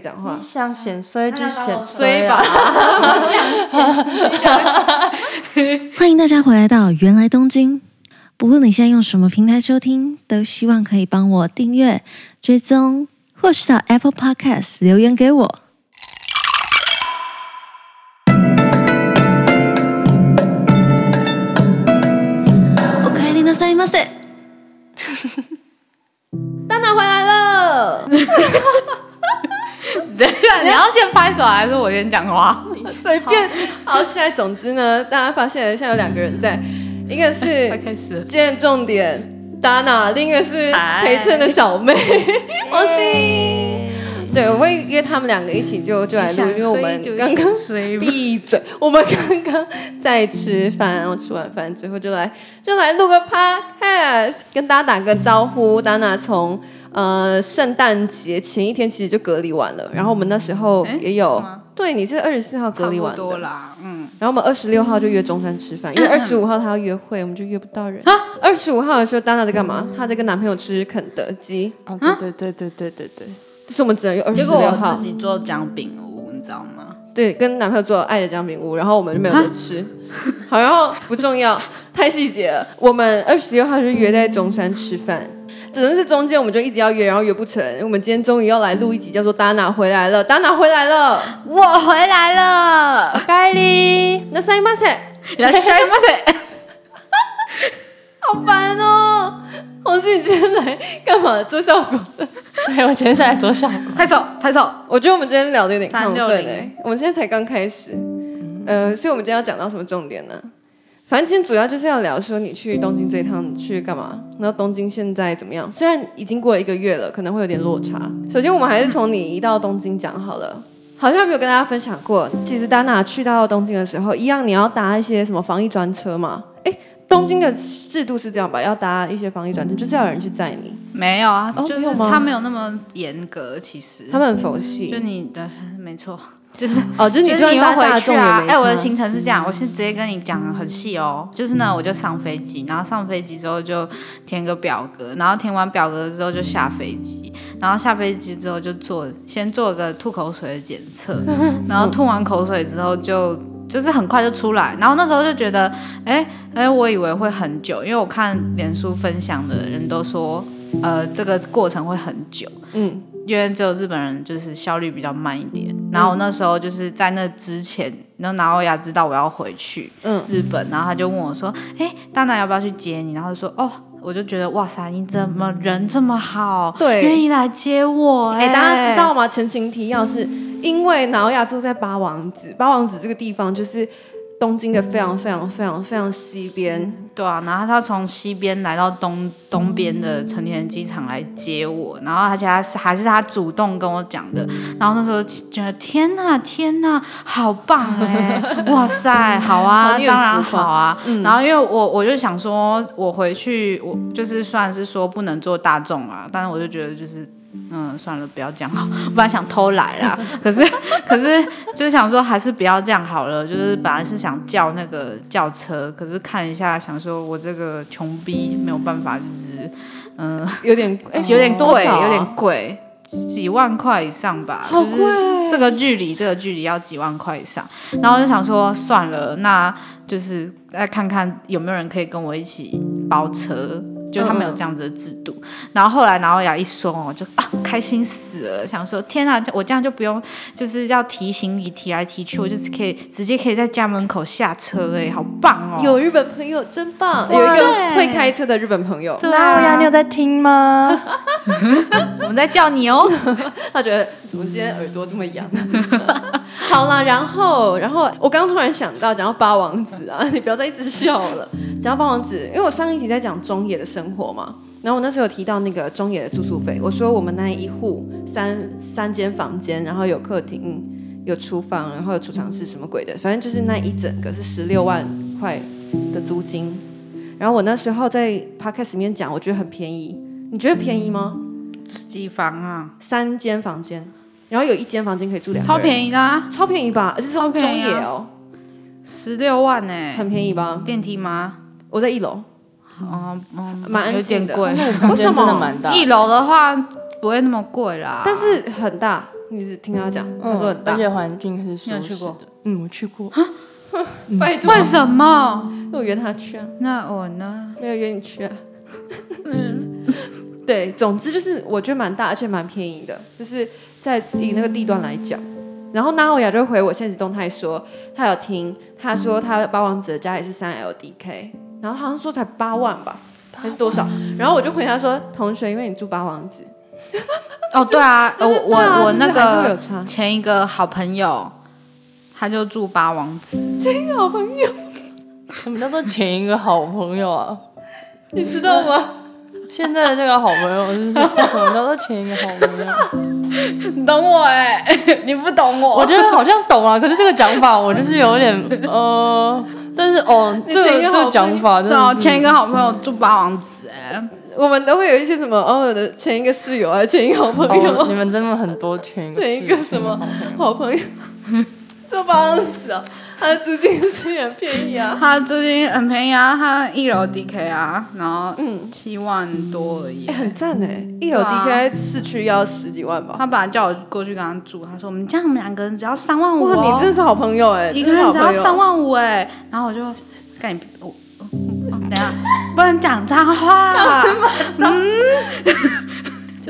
講話你想顯衰就顯衰吧！啊、歡迎大家回來到芫來東京。不論你現在用什麼平台收聽，都希望可以幫我訂閱、追蹤，或是到 Apple Podcast 留言給我。你要先拍手，還是我先講話？隨便。好，好，現在總之呢，大家發現現在有兩個人在，一個是快開始，今天重點達娜，Dana，另一個是陪襯的小妹黃馨。對，我會約他們兩個一起就就來錄，因為、嗯、我們剛剛閉嘴，我們剛剛在吃飯，然後吃完飯之後就來就來錄個 podcast，跟大家打個招呼。Dana 從。呃，聖誕節前一天其實就隔離完了，然後我們那時候也有，對，你是二十四號隔離完的，嗯，然後我們二十六號就約中山吃飯，因為二十五號他要約會，我們就約不到人。二十五號的時候 Dana 在幹嘛？他在跟男朋友吃肯德基。對對對對對對對，就是我們只能約二十六號。結果我自己做薑餅屋，你知道嗎？對，跟男朋友做愛的薑餅屋，然後我們就沒有得吃。好，然後不重要，太細節了。我們二十六號就約在中山吃飯。只能是中間，我們就一直要約，然後約不成。我們今天終於要來錄一集，叫做《Dana 回來了》，Dana 回來了，我回來了，蓋里離，那塞嗎塞，那塞嗎塞， 好煩哦！黃馨 今天來幹嘛？做效果？對，我今天是來做效果。拍手， 拍手！我覺得我們今天聊的有點亢奮誒，我們今天才剛開始。嗯、呃，所以我們今天要講到什麼重點呢？反正今天主要就是要聊說你去東京這一趟去幹嘛，那東京現在怎麼樣？雖然已經過了一個月了，可能會有點落差。首先我們還是從你一到東京講好了，好像沒有跟大家分享過。其實丹娜去到東京的時候，一樣你要搭一些什麼防疫專車嘛？哎、欸，東京的制度是這樣吧？要搭一些防疫專車，就是要有人去載你。沒有啊，哦、就是他沒有那麼嚴格，其實他們很佛系。就你的沒錯。就是哦，就你說你又回去啊？哎，我的行程是這樣，嗯、我先直接跟你講得很細哦。就是呢，嗯、我就上飛機，然後上飛機之後就填個表格，然後填完表格之後就下飛機，然後下飛機之後就做先做個吐口水的檢測，然後吐完口水之後就就是很快就出來，然後那時候就覺得哎哎，我以為會很久，因為我看臉書分享的人都說呃這個過程會很久，嗯。因為只有日本人就是效率比較慢一點，然後我那時候就是在那之前，然後拿歐亞知道我要回去日本，嗯、然後他就問我說：“哎、欸，大拿，要不要去接你？”然後就說：“哦，我就覺得哇塞，你怎麼、嗯、人這麼好，對，願意來接我、欸？哎、欸，大家知道嗎？前情提要是因為拿歐亞住在八王子，八王子這個地方就是。”東京的非常非常非常非常西邊，對啊，然後他從西邊來到東東邊的成田機場來接我，然後而且他是還是他主動跟我講的，然後那時候覺得天哪、啊、天哪、啊，好棒哎、欸， 哇塞，好啊， 當然好啊，然後因為我我就想說我回去我就是算是說不能做大眾啊，但是我就覺得就是。嗯，算了，不要講哈，本來想偷懶啦 可，可是可是就是想說還是不要這樣好了。就是本來是想叫那個叫車，可是看一下想說我這個窮逼沒有辦法，就是嗯，有點有點貴，有點貴，幾萬塊以上吧。好貴！這個距離這個距離要幾萬塊以上。然後我就想說算了，那就是再看看有沒有人可以跟我一起包車。就他沒有這樣子的制度，嗯、然後後來然後雅一說哦，就啊開心死了，嗯、想說天啊，我這樣就不用就是要提行李提來提去，嗯、我就可以直接可以在家門口下車哎，好棒哦！有日本朋友真棒，嗯、有一個會開車的日本朋友。對啊，雅對你有在聽嗎？ 我們在叫你哦。他覺得怎麼今天耳朵這麼癢、啊？好了，然後，然後我剛突然想到，講到八王子啊，你不要再一直笑了。講到八王子，因為我上一集在講中野的生活嘛，然後我那時候有提到那個中野的住宿費，我說我們那一戶三三間房間，然後有客廳、有廚房、然後有儲藏室，什麼鬼的，反正就是那一整個是十六萬塊的租金。然後我那時候在 podcast 裡面講，我覺得很便宜。你覺得便宜嗎？幾房啊？三間房間，然後有一間房間可以住兩個人。超便宜啦！超便宜吧？而是超便宜哦。十六萬呢，很便宜吧？電梯嗎？我在一樓。哦，蠻安靜的，真的蠻大，一樓的話不會那麼貴啦，但是很大。你只聽他講，他說很大，而且環境還是。沒有去過。嗯，我去過。拜托。為什麼？因為我約他去啊。那我呢？沒有約你去啊。嗯。對，總之就是我覺得蠻大，而且蠻便宜的，就是在以那個地段來講。然後娜奧雅就回我限時動態說，他有聽，他說他的八王子的家也是三 LDK，然後他好像說才八萬吧，還是多少？萬然後我就回她說，嗯、同學，因為你住八王子，哦，對啊，就是，我我是是有差我那個前一個好朋友，他就住八王子，前一個好朋友， 什麼叫做前一個好朋友啊？你知道嗎？ 現在的這個好朋友就是什麼？叫做前一個好朋友。 你懂我哎、欸，你不懂我。我覺得好像懂啊，可是這個講法我就是有點呃，但是哦，這這個講法真的前一個好朋友住、啊、八王子哎， 我們都會有一些什麼哦，偶爾的前一個室友啊，前一個好朋友、哦，你們真的很多前一,一個什麼好朋友住 八王子、啊。他的租金是很便宜啊！他的租金很便宜啊！他一樓 DK 啊，然後嗯，七萬多而已、嗯欸，很讚哎！一樓 DK 市區要十幾萬吧？啊、他本來叫我過去跟他住，他說我們家我們兩個人只要三萬五、喔。哇，你真的是、欸、真是好朋友哎！一個人只要三萬五哎、欸，然後我就幹你我、哦哦，等下不能講髒話。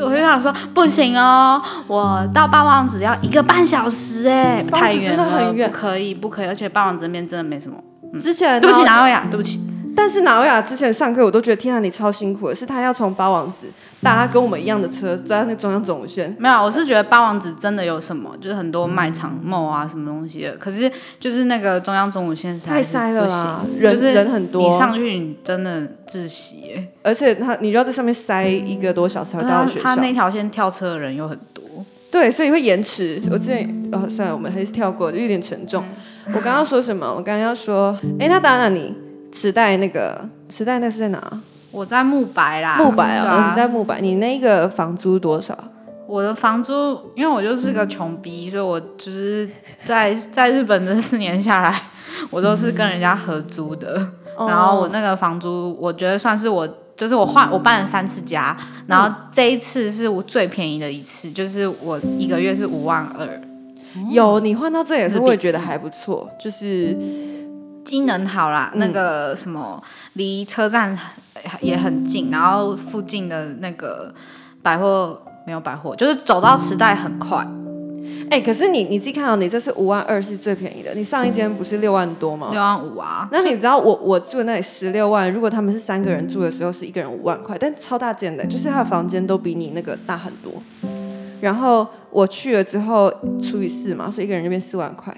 我就想說，不行哦，我到八王子要一個半小時，哎、嗯，太遠了，真的很遠，不可以，不可以，而且八王子那邊真的沒什麼。嗯、之前，對不起，哪有呀？對不起。但是 Dana 之前上課，我都覺得天啊，你超辛苦的，是她要從八王子搭她跟我們一樣的車，嗯、在那中央總線。沒有，我是覺得八王子真的有什麼，就是很多賣場、mall 啊，什麼東西的。可是就是那個中央總路線在太塞了啦，人人很多，你上去你真的窒息。而且他，你就要在上面塞一個多小時才到學校、嗯他。他那條線跳車的人又很多。對，所以會延遲。我之前哦，算了，我們還是跳過，就有點沉重。嗯、我剛剛要說什麼？ 我剛剛要說，哎、欸，那達了你。池袋那個池袋，那是在哪？我在木白啦，木白柏啊，我們柏、哦、在木白。你那個房租多少？我的房租，因為我就是個窮逼，嗯、所以我就是在在日本這四年下來，我都是跟人家合租的。嗯、然後我那個房租，我覺得算是我，就是我換、嗯、我搬了三次家，然後這一次是我最便宜的一次，就是我一個月是五萬二。嗯、有你換到這也是會覺得還不錯，就是。嗯機能好啦，那個什麼離車站也很近，嗯、然後附近的那個百貨沒有百貨，就是走到時代很快。哎、嗯欸，可是你你自己看啊、哦，你這是五萬二是最便宜的，你上一間不是六萬多嗎、嗯？六萬五啊，那你知道我就我住的那裡十六萬，如果他們是三個人住的時候是一個人五萬塊，但超大間的，就是他的房間都比你那個大很多。然後我去了之後除以四嘛，所以一個人那邊四萬塊。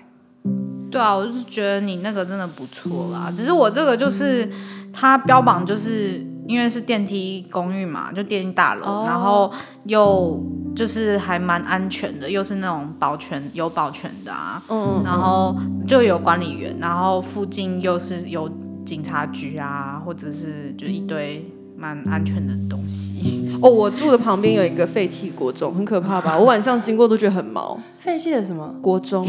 對啊，我就是覺得你那個真的不錯啦。只是我這個就是它標榜，就是因為是電梯公寓嘛，就電梯大樓，哦、然後又就是還蠻安全的，又是那種保全，有保全的啊，嗯，然後就有管理員，嗯、然後附近又是有警察局啊，或者是就一堆蠻安全的東西。哦，我住的旁邊有一個廢棄國中，很可怕吧？我晚上經過都覺得很毛。廢棄的什麼國中？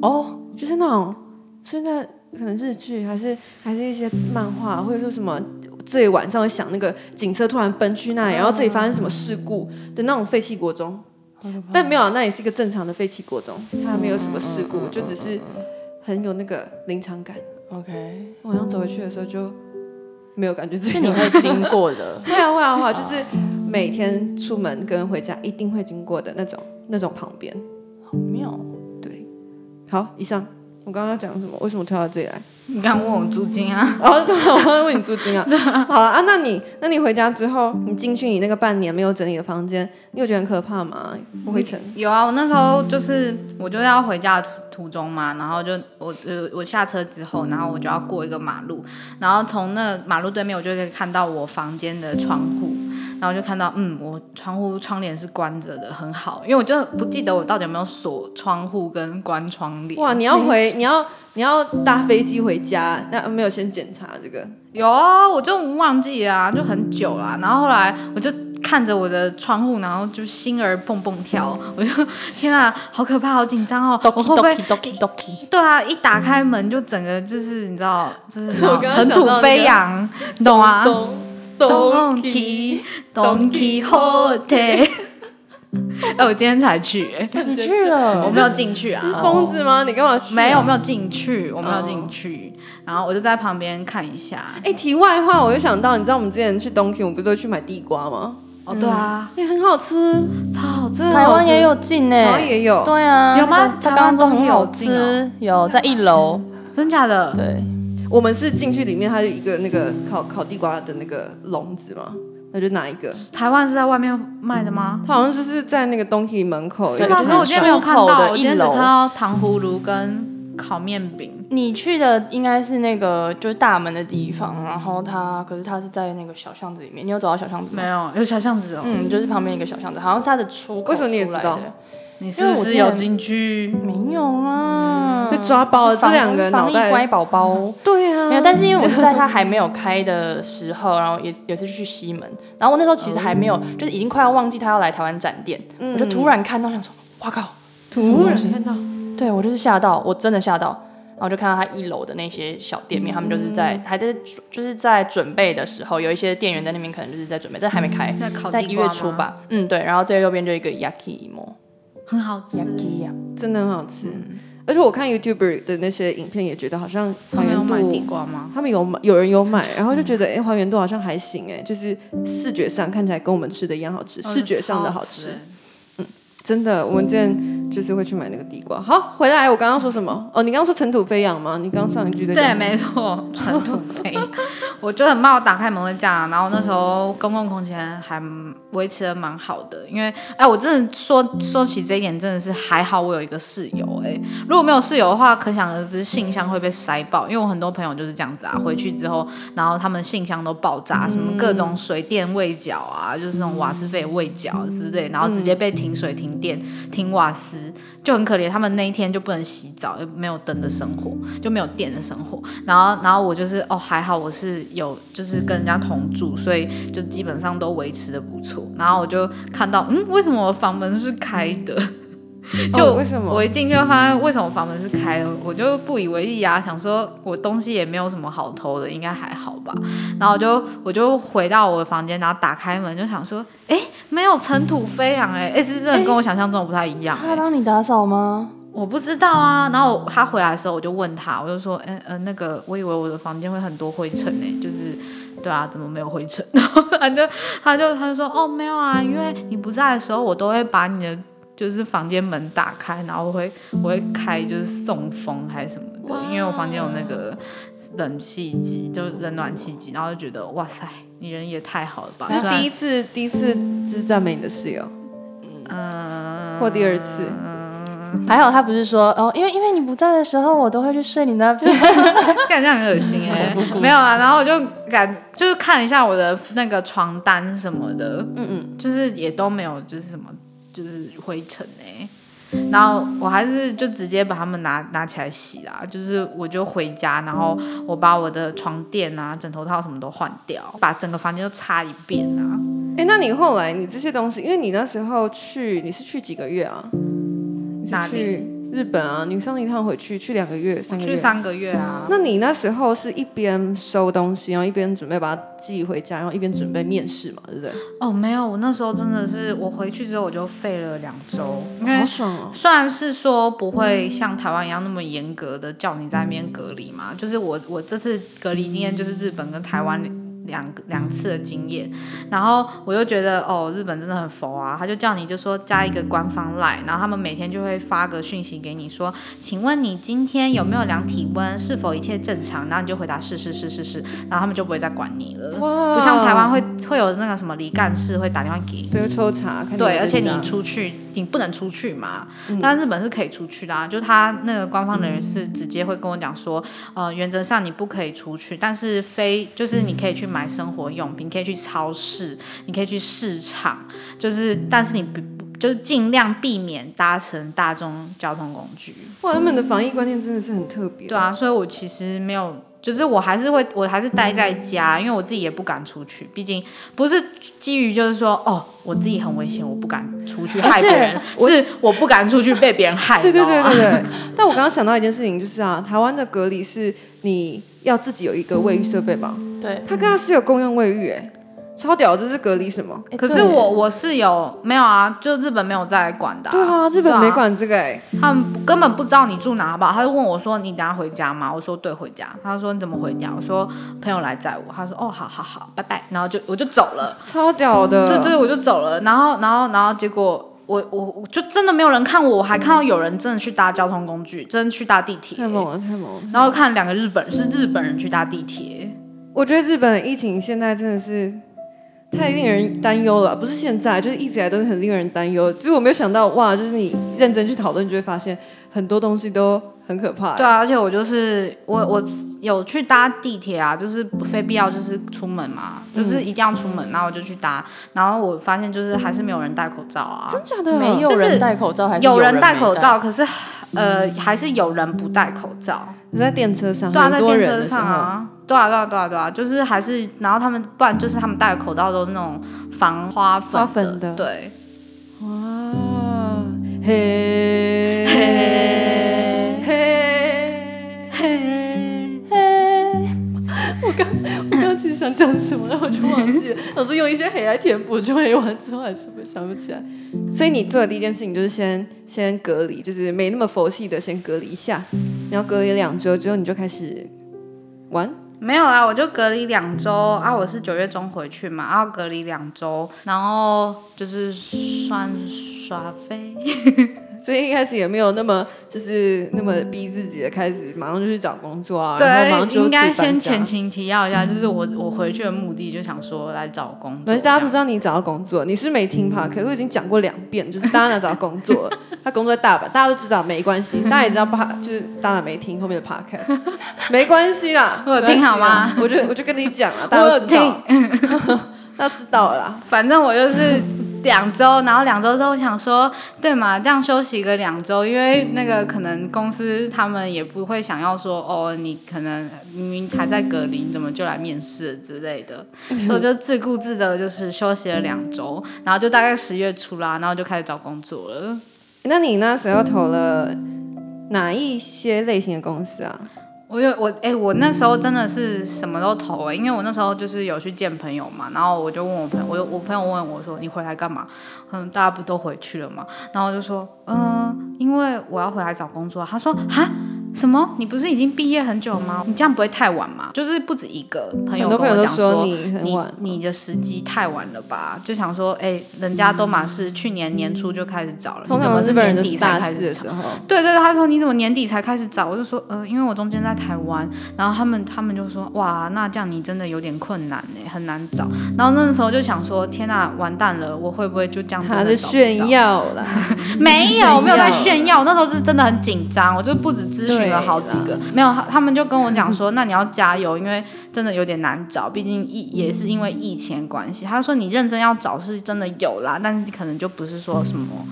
哦。就是那種，現在可能日劇還是還是一些漫畫，或者說什麼，這一晚上會想那個警車突然奔去那裡，嗯、然後這裡發生什麼事故的那種廢棄國中。怕但沒有，那也是一個正常的廢棄國中，它沒有什麼事故，嗯、就只是很有那個臨場感。OK，晚上走回去的時候就沒有感覺自己會經過的，會啊會啊會，就是每天出門跟回家一定會經過的那種那種旁邊，好妙。好，以上我剛剛講什麼？為什麼跳到這裡來？你剛問我租金啊？哦對，我剛問你租金啊。好啊，那你那你回家之後，你進去你那個半年沒有整理的房間，你有覺得很可怕嗎？灰塵？有啊，我那時候就是我就要回家途途中嘛，然後就我呃我下車之後，然後我就要過一個馬路，然後從那馬路對面我就可以看到我房間的窗戶。然後就看到，嗯，我窗戶窗簾是關着的，很好，因為我就不記得我到底有沒有鎖窗戶跟關窗簾。哇，你要回，欸、你要你要搭飛機回家，那沒有先檢查這個？有啊，我就忘記了啊，就很久了、啊。然後後來我就看着我的窗戶，然後就心兒蹦蹦跳，嗯、我就天啊，好可怕，好緊張哦，我會不會？ドキドキ對啊，一打開門就整個就是你知道，就是塵、嗯、 土飛揚，那個、咚咚你懂啊？咚咚 Donkey Donkey Hote 哎，我今天才去，你去了？我沒有進去啊，是瘋子嗎？你幹嘛？沒有，沒有進去，我沒有進去，然後我就在旁邊看一下。哎，題外話，我就想到，你知道我們之前去 Donkey 我們不是都去買地瓜嗎？哦，對啊，也很好吃，超好吃，台灣也有進誒，台灣也有，對啊，有嗎？他剛剛說很好吃，有，在一樓，真假的？對。我們是進去裡面，它有一個那個烤烤地瓜的那個籠子嘛，那就拿一個。台灣是在外面賣的嗎？它好像就是在那個東西門口一個，可是我今天沒有看到，我今天只看到糖葫蘆跟烤麵餅。你去的應該是那個就是大門的地方，然後它可是它是在那個小巷子裡面。你有找到小巷子沒有？有小巷子哦，嗯，就是旁邊一個小巷子，好像是它的出口出的。為什麼你也知道？你是不是有進去？沒有啊，被抓包的。這兩個防疫乖寶寶，對啊，沒有。但是因為我在他還沒有開的時候，然後也也是去西門，然後我那時候其實還沒有，就是已經快要忘記他要來台灣展店，我就突然看到，想說，哇靠！突然看到，對我就是嚇到，我真的嚇到。然後就看到他一樓的那些小店面，他們就是在還在就是在準備的時候，有一些店員在那邊可能就是在準備，但還沒開，在一月初吧。嗯，對。然後最右邊就一個 Yakiimo 很好吃，啊、真的很好吃。嗯、而且我看 YouTuber 的那些影片，也覺得好像還原度，他們有賣地瓜嗎？他們有買，有人有買，嗯、然後就覺得哎、欸，還原度好像還行哎、欸，就是視覺上看起來跟我們吃的一樣好吃，哦、視覺上的好吃。哦、好吃嗯，真的，我們今天就是會去買那個地瓜。好，回來，我剛剛說什麼？哦，你剛剛說塵土飛揚嗎？你剛剛上一句的，對，沒錯，塵土飛揚。 我就很怕我打開門會這樣、啊，然後那時候公共空間還維持得蠻好的，因為哎、欸，我真的說說起這一點，真的是還好我有一個室友哎、欸，如果沒有室友的話，可想而知信箱會被塞爆，因為我很多朋友就是這樣子啊，回去之後，然後他們信箱都爆炸，什麼各種水電未繳啊，就是那種瓦斯費未繳之類，然後直接被停水、停電、停瓦斯。就很可憐，他們那一天就不能洗澡，也沒有燈的生活，就沒有電的生活。然後，然後我就是哦，還好我是有，就是跟人家同住，所以就基本上都維持的不錯。然後我就看到，嗯，為什麼我房門是開的？就為什麼我一進去就發現為什麼房門是開的，我就不以為意啊，想說我東西也沒有什麼好偷的，應該還好吧。然後我就我就回到我的房間，然後打開門就想說，哎、欸，沒有塵土飛揚哎、欸，哎、欸，是真的跟我想象中的不太一樣，欸欸。他來幫你打掃嗎？我不知道啊。然後他回來的時候，我就問他，我就說，哎、欸、嗯、呃，那個，我以為我的房間會很多灰塵呢、欸。就是對啊，怎麼沒有灰塵？然後他就他就他就說，哦沒有啊，因為你不在的時候，我都會把你的。就是房間門打開，然後我會我會開就是送風還是什麼的，哇因為我房間有那個冷氣機，就冷暖氣機，然後就覺得哇塞，你人也太好了吧！這是第一次，了第一次就是讚美你的室友，嗯，或第二次，嗯嗯、還好他不是說是哦，因為因為你不在的時候，我都會去睡你那邊， 感覺很噁心哎、欸，沒有啊，然後我就感就是看一下我的那個床單什麼的，嗯嗯，就是也都沒有，就是什麼。就是灰塵呢、欸，然後我還是就直接把它們拿拿起來洗啦。就是我就回家，然後我把我的床墊啊、枕頭套什麼都換掉，把整個房間都擦一遍啊。哎、欸，那你後來你這些東西，因為你那時候去你是去幾個月啊？你去哪裡？日本啊，你上一趟回去去兩個月，三個月。去三個月啊？那你那時候是一邊收東西，然後一邊準備把它寄回家，然後一邊準備面試嘛，對不對？哦，沒有，我那時候真的是，我回去之後我就廢了兩周。好爽哦、啊！算是說不會像台灣一樣那麼嚴格的叫你在那邊隔離嘛，就是我我這次隔離經驗就是日本跟台灣。兩個兩次的經驗，然後我又覺得哦，日本真的很佛啊，他就叫你就說加一個官方 line，然後他們每天就會發個訊息給你說，請問你今天有沒有量體溫，是否一切正常？然後你就回答是是是是是，然後他們就不會再管你了。哇不像台灣會會有那個什麼里幹事會打電話給你，對抽查，對，而且你出去你不能出去嘛，嗯、但日本是可以出去的啊，就是他那個官方的人員是直接會跟我講說，嗯、呃，原則上你不可以出去，但是非就是你可以去。買生活用品，你可以去超市，你可以去市場，就是但是你不就是盡量避免搭乘大眾交通工具。哇，他們的防疫觀念真的是很特別。嗯。對啊，所以我其實沒有。就是我還是會，我還是待在家，因為我自己也不敢出去。畢竟不是基於就是說，哦，我自己很危險，我不敢出去且害別人，是我不敢出去被別人害。 對，對對對對對。 但我剛剛想到一件事情，就是啊，台灣的隔離是你要自己有一個衛浴設備吧、嗯？對，他跟他是有共用衛浴誒、欸。超屌！這是隔離什麼？欸、可是我我室友沒有啊，就日本沒有在管的、啊。對啊，日本沒管這個、欸啊，他們根本不知道你住哪吧？他就問我說：“你等下回家嗎？”我說：“對，回家。”他說：“你怎麼回家？”我說：“朋友來載我。”他說：“哦，好好好，拜拜。”然後就我就走了，超屌的。嗯、對，對對，我就走了。然後然後然後結果我我我就真的沒有人看我，我還看到有人真的去搭交通工具，真的去搭地鐵、欸。太猛了，太猛了。然後看兩個日本人，是日本人、嗯、去搭地鐵。我覺得日本的疫情現在真的是。太令人擔憂了，不是現在，就是一直以來都很令人擔憂。只是我沒有想到，哇，就是你認真去討論，就會發現很多東西都很可怕。對啊，而且我就是我，我有去搭地鐵啊，就是不非必要就是出門嘛、啊，就是一定要出門，然後我就去搭，然後我發現就是還是沒有人戴口罩啊，真假的？沒有人戴口罩還是有人戴、就是、口罩？對可是呃，還是有人不戴口罩。是在電車上，對啊，很多人的時候，在電車上啊。對啊對啊對啊對啊，對啊，就是還是然後他們不然就是他們戴的口罩都是那種防花粉的，粉的對。哇，嘿，嘿，嘿，嘿，我剛剛剛其實想講什麼，嗯，然後我就忘記了。總是用一些黑來填補，填完之後還是會想不起來。所以你做的第一件事情就是先先隔離，就是沒那麼佛系的先隔離一下。然後隔離兩週之後，你就開始玩。沒有啦，我就隔離兩周啊！我是九月中回去嘛，然、啊、後隔離兩周，然後就是算耍廢。 所以一開始也沒有那麼就是那麼逼自己，的開始馬上就去找工作啊。對，應該先前情提要一下，就是我我回去的目的就想說，來找工作。對，大家都知道你找到工作，你是沒聽 podcast，我已經講過兩遍，就是 Dana 找到工作，她工作在大阪，大家都知道，沒關係，大家也知道，怕就是大家沒聽後面的 podcast，沒關係啦，我有聽好嗎？我就我就跟你講了，我聽，那知道了，反正我就是。兩週，然後兩週之後我想說，對嘛，這樣休息個兩週，因為那個可能公司他們也不會想要說，哦，你可能明明還在隔離，你怎麼就來面試之類的，嗯、哼所以我就自顧自的，就是休息了兩週，然後就大概十月初啦，然後就開始找工作了。那你那時候投了哪一些類型的公司啊？我就我哎、欸，我那時候真的是什麼都投誒、欸？因為我那時候就是有去見朋友嘛，然後我就問我朋友，我我朋友問我說：“你回來幹嘛？”嗯，大家不都回去了嘛？然後我就說：“嗯、呃，因為我要回來找工作。”他說：“哈？”什麼？你不是已經畢業很久嗎？你這樣不會太晚嗎？就是不止一個朋友，跟我講說，說你你，你的時機太晚了吧？哦、就想說，哎、欸，人家都馬是去年年初就開始找了，嗯、你怎麼是年底才開始找。的時候對，對對，他就說你怎麼年底才開始找？我就說，呃，因為我中間在台灣，然後他們他們就說，哇，那這樣你真的有點困難哎、欸，很難找。然後那個時候就想說，天吶、啊，完蛋了，我會不會就這樣的找？他是炫耀了， 沒有耀沒有在炫耀，那時候是真的很緊張，我就不止諮詢。了好幾個沒有，他他們就跟我講說，那你要加油， 因為真的有點難找，畢竟疫也是因為疫情關係。他說你認真要找是真的有啦，但是可能就不是說什麼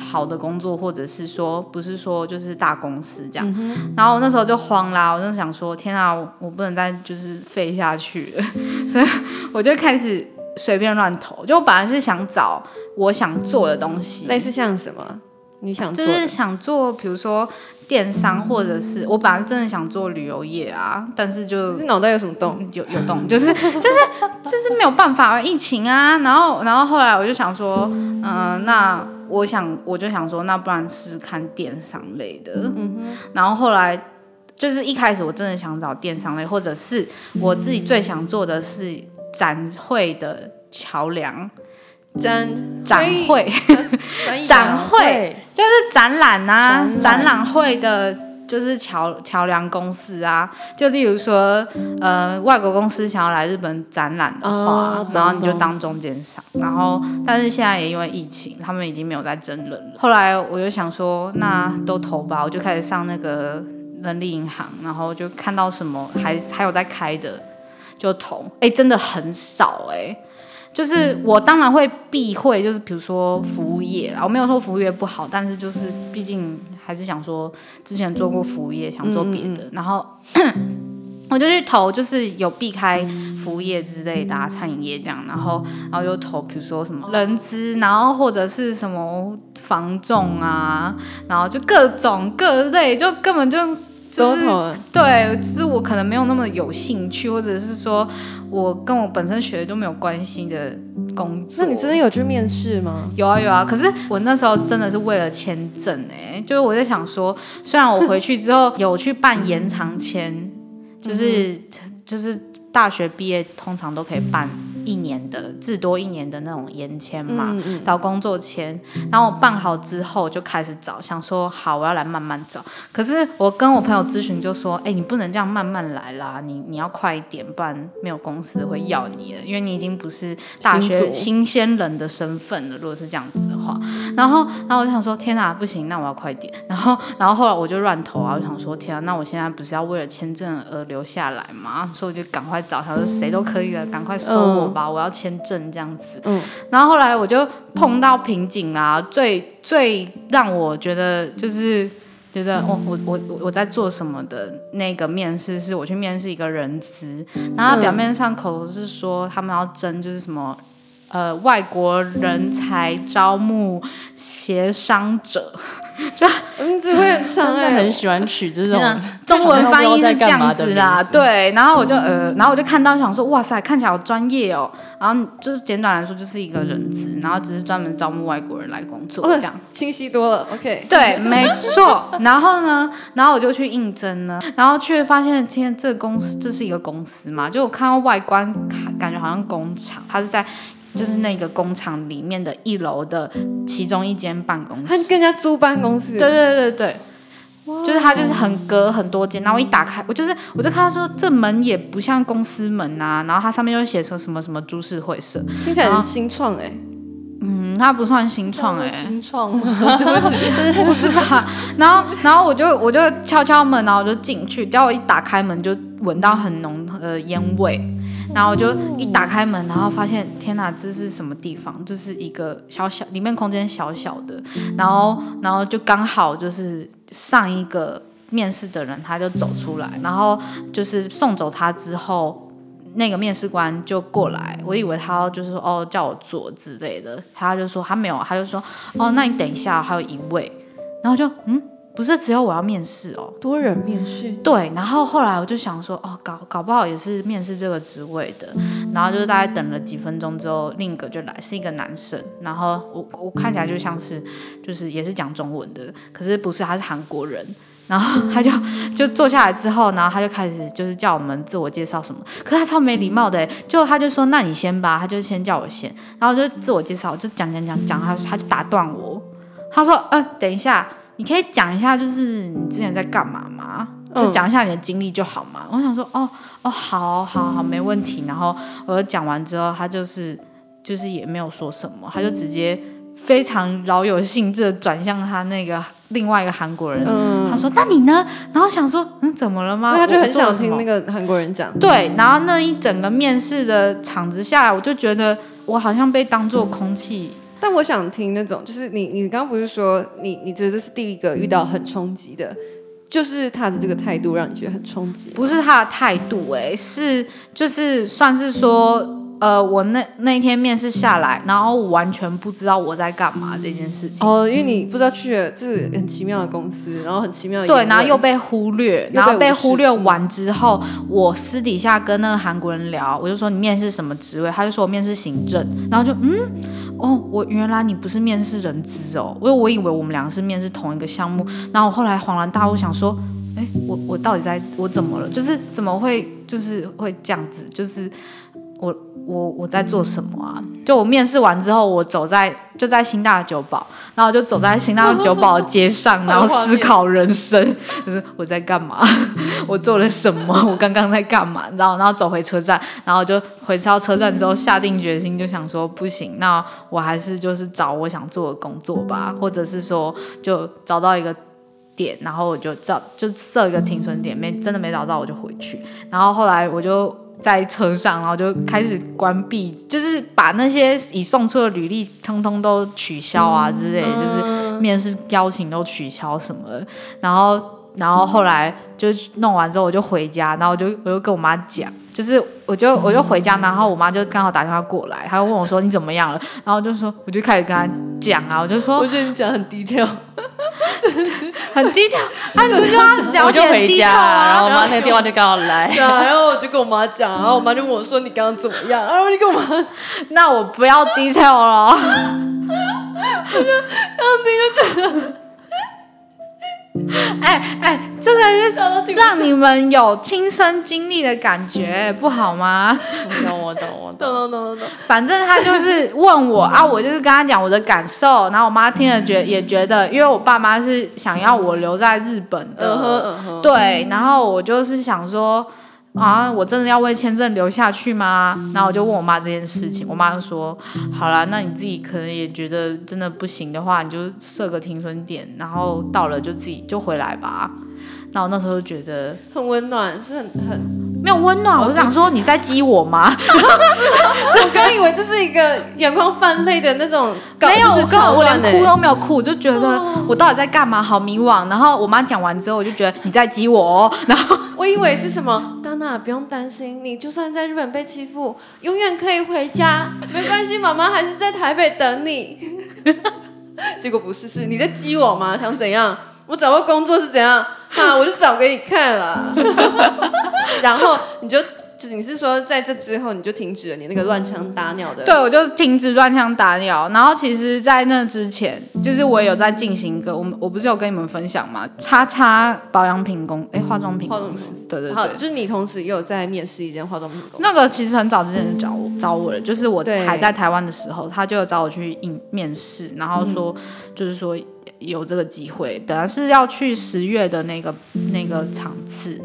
好的工作，或者是說不是說就是大公司這樣。嗯、哼然後我那時候就慌啦、啊，我就想說天啊，我不能再就是廢下去了， 所以我就開始隨便亂投。就我本來是想找我想做的東西，類似像什麼。你想、啊、就是想做，比如說電商，或者是、嗯、我本來真的想做旅遊業啊，但是就腦袋有什麼洞、嗯，有有洞，就是就是就是沒有辦法，疫情啊，然後然後後來我就想說，嗯、呃，那我想我就想說，那不然是看電商類的，嗯哼，然後後來就是一開始我真的想找電商類，或者是我自己最想做的是展會的橋樑。展展會， 展會對就是展覽啊，展覽，展覽會的，就是橋橋樑公司啊，就例如說，呃，外國公司想要來日本展覽的話，哦、然後你就當中間商，嗯、然後、嗯、但是現在也因為疫情，嗯、他們已經沒有在徵人了。後來我就想說，那都投吧，我就開始上那個人力銀行，然後就看到什麼還、嗯、還有在開的，就投，哎，真的很少哎，欸。就是我當然會避諱，就是比如說服務業，我沒有說服務業不好，但是就是畢竟還是想說之前做過服務業，想做別的，然後我就去投，就是有避開服務業之類的、啊、餐飲業這樣，然後然後就投比如說什麼人資，然後或者是什麼房仲啊，然後就各種各類，就根本就。就是對，就是我可能沒有那麼有興趣，或者是說我跟我本身學的都沒有關係的工作。那你真的有去面試嗎？有啊有啊，可是我那時候真的是為了簽證哎、欸，就是我在想說，雖然我回去之後有去辦延長簽， 就是就是大學畢業通常都可以辦。一年的至多一年的那種延簽嘛，嗯嗯、找工作簽，然後我辦好之後就開始找，想說好，我要來慢慢找。可是我跟我朋友諮詢就說，哎、嗯欸，你不能這樣慢慢來啦，你你要快一點，不然沒有公司會要你的，因為你已經不是大學新鮮人的身份了。如果是這樣子。然後，然後我就想說，天啊，不行，那我要快點。然後，然後後來我就亂投啊，我就想說，天啊，那我現在不是要為了簽證而留下來嘛？所以我就趕快找，他說、嗯、誰都可以的，趕快收我吧，嗯、我要簽證這樣子。嗯、然後後來我就碰到瓶頸啊，最最讓我覺得就是覺得、哦、我我我我在做什麼的那個面試，是我去面試一個人資，嗯、然後表面上口頭是說他們要爭就是什麼。呃，外國人才招募協商者，就名只會很很喜歡取這種、嗯、中文翻譯是這樣子啦，對。然後我就、嗯、呃，然後我就看到想說，哇塞，看起來好專業哦。然後就是簡短來說，就是一個人資，然後只是專門招募外國人來工作我的這樣，清晰多了。OK，對，沒錯。然後呢，然後我就去應徵呢，然後卻發現今天，這個公司這是一個公司嘛，就我看到外觀感覺好像工廠，它是在。就是那個工廠裡面的一樓的其中一間辦公室，他跟人家租辦公室，對對對對，對，就是他就是很隔很多間，然後我一打開，我就是我就看他說，這門也不像公司門啊，然後它上面又寫說什麼什麼株式會社，聽起來很新創哎，嗯，它不算新創哎，新創嗎？對不起，不是吧？然後然後我就我就敲敲門，然後我就進去，結果一打開門就聞到很濃的煙味。然後我就一打開門，然後發現天哪，這是什麼地方？就是一個小小裡面空間小小的，然後然後就剛好就是上一個面試的人他就走出來，然後就是送走他之後，那個面試官就過來，我以為他就是說，哦，叫我坐之類的，他就說他沒有，他就說哦，那你等一下還有一位，然後就嗯。不是只有我要面試哦，多人面試。對，然後後來我就想說，哦，搞搞不好也是面試這個職位的。然後就是大概等了幾分鐘之後，另一個就來，是一個男生。然後我我看起來就像是，就是也是講中文的，可是不是，他是韓國人。然後他就就坐下來之後，然後他就開始就是叫我們自我介紹什麼，可是他超沒禮貌的，就他就說那你先吧，他就先叫我先。然後就自我介紹，就講講講講，他他就打斷我，他說嗯、呃，等一下。你可以講一下，就是你之前在幹嘛嗎？就講一下你的經歷就好嘛。嗯、我想說，哦哦，好好好，沒問題。然後我講完之後，他就是就是也沒有說什麼，嗯、他就直接非常饒有興致的轉向他那個另外一個韓國人，嗯、他說：“那你呢？”然後想說：“嗯，怎麼了嗎？”所以他就很想聽那個韓國人講。人對。然後那一整個面試的場子下來，我就覺得我好像被當做空氣。嗯但我想聽那種，就是你，你剛剛不是說你，你覺得這是第一個遇到很衝擊的，就是他的這個態度讓你覺得很衝擊，不是他的態度、欸，誒，是就是算是說。呃，我那那一天面試下來，嗯、然後完全不知道我在幹嘛這件事情。哦，因為你不知道去了，嗯、這是很奇妙的公司，嗯、然後很奇妙的對，然後又被忽略，然後被忽略完之後，嗯、我私底下跟那個韓國人聊，我就說你面試什麼職位？他就說我面試行政，然後就嗯，哦，我原來你不是面試人資哦，因為我以為我們兩個是面試同一個項目。然後我後來恍然大悟，想說，哎，我我到底在我怎麼了？就是怎麼會就是會這樣子？就是。我我我在做什麼啊？嗯、就我面試完之後，我走在就在新大久保，然後就走在新大久保的街上， 然後思考人生，就是我在幹嘛？嗯、我做了什麼？我剛剛在幹嘛？然後然後走回車站，然後就回到車站之後下定決心，就想說不行，那我還是就是找我想做的工作吧，或者是說就找到一個點，然後我就找就設一個停損點，沒真的沒找到，我就回去。然後後來我就。在車上，然後就開始關閉，就是把那些已送出的履歷通通都取消啊之類，就是面試邀請都取消什麼的。然後，然後後來就弄完之後，我就回家，然後我就我就跟我媽講，就是我就我就回家，然後我媽就剛好打電話過來，她就問我說你怎麼樣了，然後就說我就開始跟她講啊，我就說， 我覺得你講很低調。真是很低調，我就我就回家，啊，低調啊、然後我媽那電話就剛好來，然後我就跟我媽講， 然後我媽就問我說你剛剛怎麼樣？然後我就跟我媽， 那我不要低調了， 我就然後要低就覺得。哎哎、欸欸，這個讓你們有親身經歷的感覺，不好嗎？我懂，我懂，我懂，懂。反正他就是問我 啊，我就是跟他講我的感受，然後我媽聽了覺、嗯、也覺得，因為我爸媽是想要我留在日本的，呵呵呵呵，對，然後我就是想說。啊！我真的要為簽證留下去嗎？然後我就問我媽這件事情，我媽就說：“好啦，那你自己可能也覺得真的不行的話，你就設個停損點，然後到了就自己就回來吧。”那我那時候覺得很溫暖，是很很。沒有溫暖，我，我想說你在激我嗎？ 是嗎？我剛以為這是一個眼眶泛淚的那種搞，搞笑，我我連哭都沒有哭，嗯、就覺得我到底在幹嘛？嗯、好迷惘。然後我媽講完之後，我就覺得你在激我哦。然後我以為是什麼？丹娜，嗯啊、不用擔心，你就算在日本被欺負，永遠可以回家，沒關係，媽媽還是在台北等你。 結果不是，是你在激我嗎？想怎樣？我找個工作是怎樣？啊！我就找給你看了。 然後你就你是說在這之後你就停止了你那個亂槍打鳥的？對，我就停止亂槍打鳥。然後其實，在那之前，就是我也有在進行一個我們我不是有跟你們分享嗎？叉叉保養品公司，哎、欸，化妝品，化妝師。對對，對。好，就是你同時也有在面試一間化妝品公司。那個其實很早之前就找我、嗯、找我了，就是我還在台灣的時候，對他就有找我去應面試，然後說、嗯、就是說。有這個機會，本來是要去十月的那個那個場次，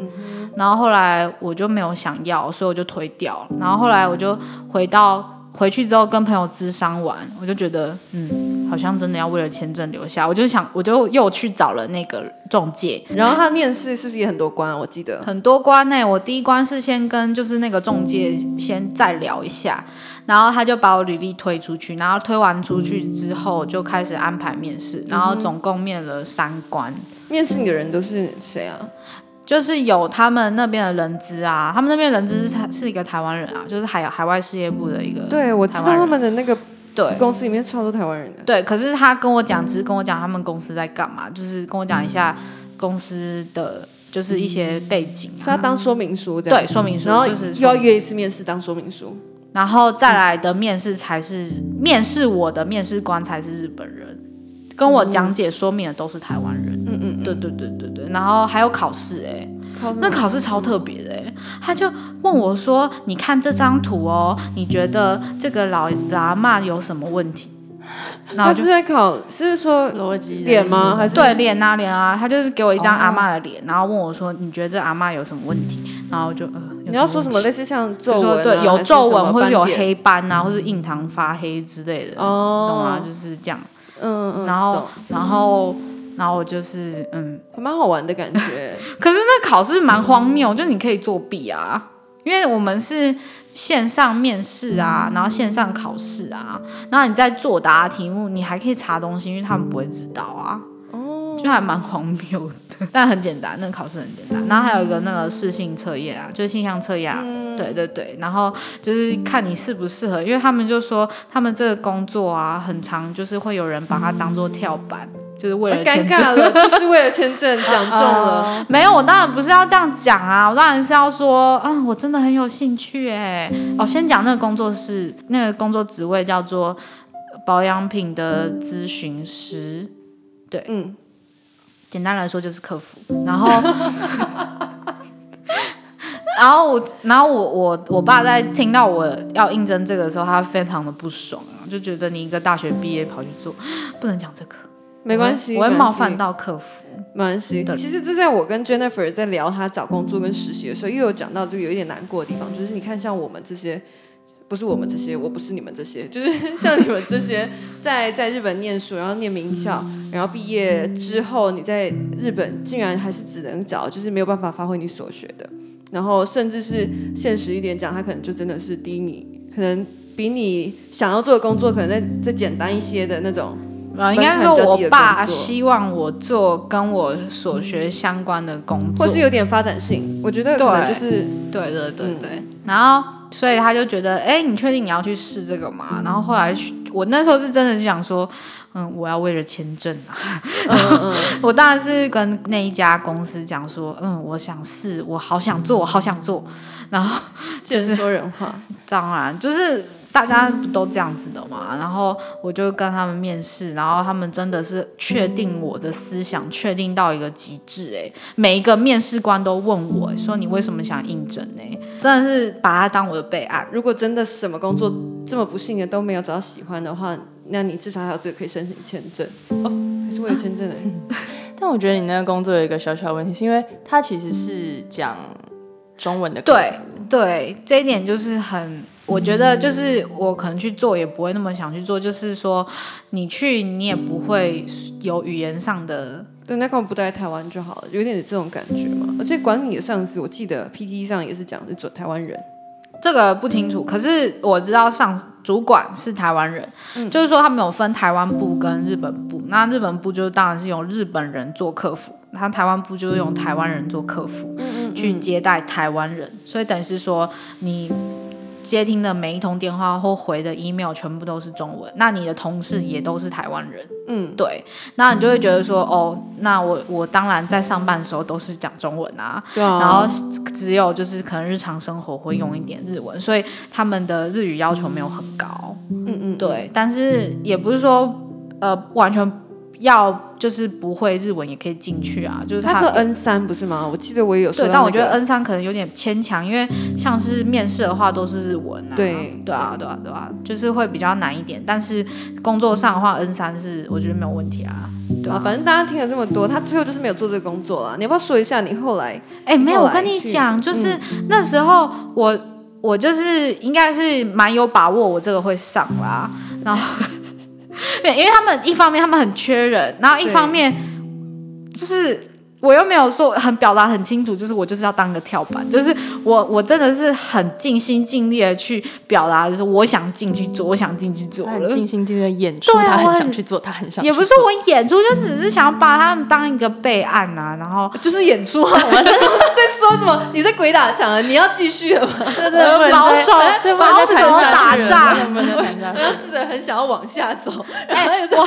然後後來我就沒有想要，所以我就推掉了。然後後來我就回到回去之後跟朋友諮商完，我就覺得嗯，好像真的要為了簽證留下，我就想我就又去找了那個中介，然後他面試是不是也很多關啊？我記得很多關呢，欸。我第一關是先跟就是那個中介先再聊一下。然後他就把我履歷推出去，然後推完出去之後就開始安排面試，然後總共面了三關。嗯、面試你的人都是誰啊？就是有他們那邊的人資啊，他們那邊的人資是是一個台灣人啊，就是海海外事業部的一個。對，我知道他們的那個對公司裡面超多台灣人。對，可是他跟我講，只是跟我講他們公司在幹嘛，就是跟我講一下公司的就是一些背景，要、嗯、哼、他們當說明書。對，說明書，然後又要約一次面試當說明書。然後再來的面試才是、嗯、面試我的面試官才是日本人，跟我講解說明的都是台灣人。嗯，嗯嗯，對，對對對對對。然後還有考試誒，哎，考試那考試超特別的，哎，他就問我說：“嗯、你看這張圖哦，你覺得這個老喇嘛有什麼問題？”他是在考，是說邏輯臉嗎？還是對，臉啊，臉啊？他就是給我一張阿嬤的臉，然後問我說：“你覺得這阿嬤有什麼問題？”然後就，你要說什麼類似像皺紋，對，有皺紋，或者是有黑斑啊，或是印堂發黑之類的，懂嗎？就是這樣。嗯嗯。然後，然後，然後我就是，嗯，還蠻好玩的感覺。可是那考試蠻荒謬，就你可以作弊啊。因為我們是線上面試啊，然後線上考試啊，然後你在作答題目，你還可以查東西，因為他們不會知道啊。因為還蠻荒謬的，但很簡單，那個考試很簡單。然後還有一個那個試性測驗啊，就是性向測驗、啊。嗯、對對對，然後就是看你適不適合，因為他們就說他們這個工作啊，很常就是會有人把它當做跳板，就是為了簽證，尷尬了、就是為了簽證。講中了、嗯，沒有，我當然不是要這樣講啊，我當然是要說，啊、嗯，我真的很有興趣哎、欸。哦，先講那個工作室，那個工作職位叫做保養品的諮詢師，對，嗯。簡單來說就是客服，然後， 然後我，然後我，我，我爸在聽到我要應徵這個的時候，他非常的不爽啊，就覺得你一個大學畢業跑去做，不能講這個，沒關係，我會冒犯到客服，沒關係。對其實這在我跟 Jennifer 在聊他找工作跟實習的時候，又有講到這個有一點難過的地方，就是你看像我們這些。不是我們這些，我不是你們這些，就是像你們這些，在在日本念書，然後念名校，然後畢業之後，你在日本竟然還是只能找，就是沒有辦法發揮你所學的，然後甚至是現實一點講，他可能就真的是低你，可能比你想要做的工作可能再再簡單一些的那種。然後應該說我爸希望我做跟我所學相關的工作，或是有點發展性。我覺得可能就是對，對對對對，嗯、然後。所以他就覺得，哎，你確定你要去試這個嗎？嗯、然後後來我那時候是真的是想說，嗯，我要為了簽證、啊、嗯， 嗯我當然是跟那一家公司講說，嗯，我想試，我好想做，我好想做。嗯、然後就是說人話，當然就是。大家不都這樣子的嘛？然後我就跟他們面試，然後他們真的是確定我的思想，確定到一個極致、欸。哎，每一個面試官都問我說、欸：“你為什麼想應徵呢、欸？”真的是把它當我的備案。如果真的什麼工作這麼不幸的都沒有找到喜歡的話，那你至少還有這個可以申請簽證哦，還是為了簽證的、欸啊嗯。但我覺得你那個工作有一個小小問題，是因為它其實是講中文的。對對，這一點就是很。我覺得就是我可能去做也不會那麼想去做，就是說你去你也不會有語言上的，那幹嘛不待在台灣就好了，有點這種感覺嘛。而且管理的上司，我記得 PT 上也是講是做台灣人，這個不清楚。可是我知道上主管是台灣人，就是說他們有分台灣部跟日本部，那日本部就是當然是用日本人做客服，他台灣部就是用台灣人做客服，去接待台灣人，所以等於是說你接聽的每一通電話或回的 email 全部都是中文，那你的同事也都是台灣人，嗯，對，那你就會覺得說，哦，那我我當然在上班的時候都是講中文啊，嗯、然後只有就是可能日常生活會用一點日文，嗯、所以他們的日語要求沒有很高，嗯嗯，對，但是也不是說呃完全。要就是不會日文也可以進去啊，就是他說 N 三不是嗎？我記得我也有說、那個。說但我覺得 N 三可能有點牽強，因為像是面試的話都是日文啊。對對啊對，對啊對啊，對啊，就是會比較難一點。但是工作上的話，N 三是我覺得沒有問題啊。對啊，反正大家聽了這麼多，他最後就是沒有做這個工作了。你要不要說一下你後來？哎、欸欸，沒有，我跟你講，就是那時候我、嗯、我就是應該是蠻有把握，我這個會上啦。然後。 對，因為他們一方面他們很缺人，然後一方面就是。我又沒有說很表達很清楚，就是我就是要當個跳板，就是我我真的是很盡心盡力的去表達，就是我想進去做，我想進去做，很盡心盡力演出，他很想去做，他很想，也不是我演出，就只是想把他們當一個備案啊，然後就是演出。我就在說什麼？你在鬼打牆啊？你要繼續嗎？對對老少老少打架，我要試着很想要往下走，然後又在。